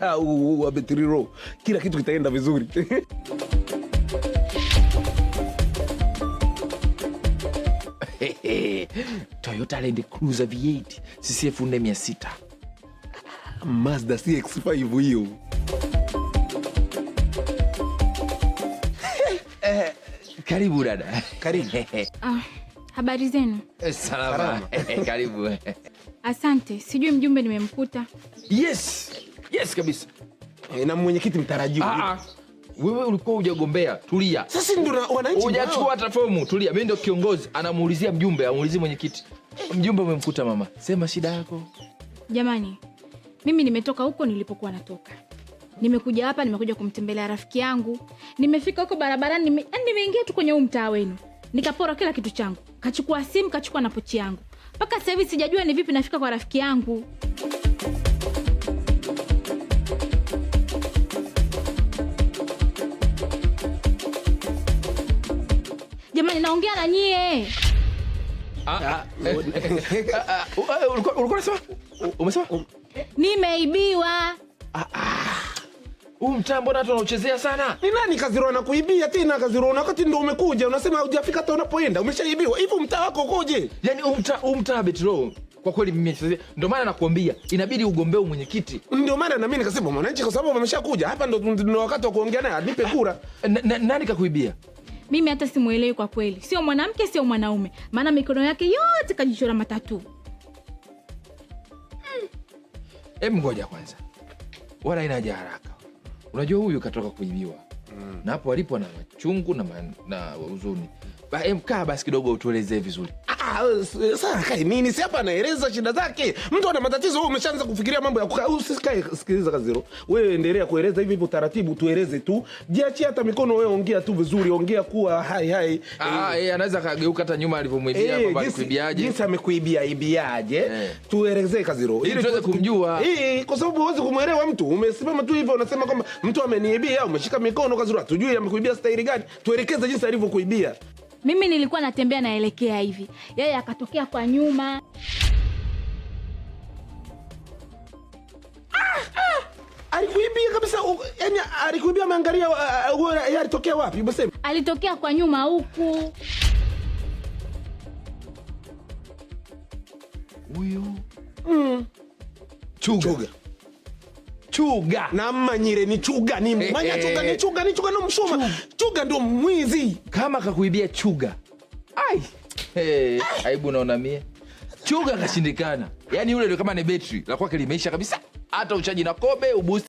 hata abetriro, kila kitu kitaenda vizuri. Toyota Land Cruiser V8 CCF 4600 Mazda CX5 hiyo. Eh, eh, karibu dada. Karibu. Ah, habari zenu? Eh, salama. Karibu. Asante, sijui mjumbe nimemkuta. Yes, Yes kabisa. E, na mwenyekiti mtarajiwa. Ah, ah. Wewe ulikuwa hujagombea, tulia. Sasa ndio wananchi hujachukua hata fomu, tulia. Mimi ndio kiongozi, anamuulizia mjumbe, amuulizie mwenyekiti. Mjumbe umemkuta mama, sema shida yako. Jamani, mimi nimetoka huko nilipokuwa natoka, nimekuja hapa, nimekuja kumtembelea rafiki yangu. Nimefika huko barabarani, nime, yaani nimeingia tu kwenye huu mtaa wenu, nikapora kila kitu changu, kachukua simu, kachukua na pochi yangu. Mpaka sasa hivi sijajua ni vipi nafika kwa rafiki yangu. Jamani, naongea na nyie. Ah. Ah. Eh, ulikuwa unasema? Umesema? Um. Nimeibiwa. Ah, huu mtaa mbona watu wanauchezea sana? Ni nani kaziroa na kuibia tena kaziroa na wakati ndio umekuja unasema hujafika hata unapoenda umeshaibiwa. Hivi mtaa wako ukoje? Yaani umtaa umtaa Betro kwa kweli mimi ndio maana nakuambia inabidi ugombee mwenyekiti. Ndio maana na mimi nikasema mwananchi, kwa sababu wameshakuja hapa, ndio wakati wa kuongea naye, anipe kura. Nani kakuibia? mimi hata simuelewi kwa kweli, sio mwanamke sio mwanaume, maana mikono yake yote kajichora matatu. Hmm. Hebu ngoja kwanza, wala ina haja haraka. Unajua huyu katoka kuibiwa mm. na hapo alipo na machungu na, na uzuni mm. Eh, mkaa basi kidogo utuelezee vizuri. Ah, ah, sasa Si hapa anaeleza shida zake, mtu ana matatizo. umeshaanza kufikiria mambo ya kukaa. Usikae, sikiliza Kaziro, wewe endelea kueleza hivi hivo taratibu, tueleze tu, jiachie hata mikono, wewe ongea tu vizuri, ongea kuwa hai hai. Ah, yeye eh, anaweza kageuka hata nyuma alivyomwibiajinsi eh, hapa, amekuibia ibiaje, tuelezee Kaziro tuweze kumjua, kwa sababu huwezi kumwelewa mtu. Umesimama tu hivyo unasema kwamba mtu ameniibia, umeshika mikono Kaziro, hatujui amekuibia staili gani. Tuelekeze jinsi alivyokuibia. Mimi nilikuwa natembea naelekea hivi, yeye akatokea kwa nyuma. Ah, ah, alikuibia kabisa, yani alikuibia. Ameangalia uh, uh, alitokea wapi? Umesema alitokea kwa nyuma huku. Huyo mm. Chuga, Chuga chuga namanyire ni chuga ni eh, manya eh. chuga ni chuga ni chuga nomusuma chuga, chuga ndo mwizi kama kakuibia chuga ai hey, eh, aibu naona mie chuga kashindikana yani yule kama ni betri la kwake limeisha kabisa hata uchaji na kobe ubusi